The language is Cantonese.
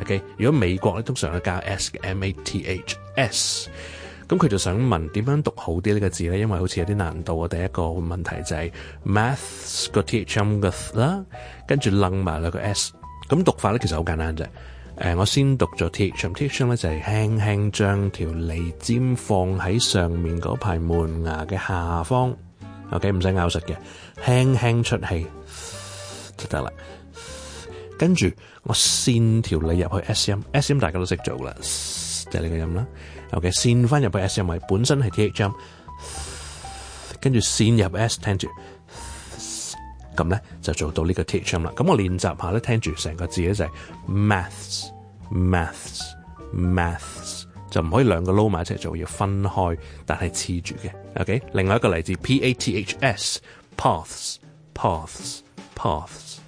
OK，如果美國咧通常咧教 S 嘅 M A T H S，咁佢就想問點樣讀好啲呢個字咧？因為好似有啲難度啊。我第一個問題就係 Maths 個 T H M 個啦，跟住愣埋兩個 S，咁讀法咧其實好簡單啫。誒，我先讀咗 T H M，T H M 咧就係輕輕將條脷尖放喺上面嗰排門牙嘅下方。OK，唔使咬實嘅，輕輕出氣就得啦。跟住我線條脷入去 S 音 S 音大家都識做啦，s, 就係呢個音啦。O、okay? K 線翻入去 S 音咪本身係 T H 音跟住線入 S 聽住，咁咧就做到呢個 T H 音啦。咁、嗯、我練習下咧，聽住成個字咧就係 maths maths maths，Math 就唔可以兩個撈埋一齊做，要分開，但係黐住嘅。O、okay? K，另外一個例子 P A T H S paths paths paths。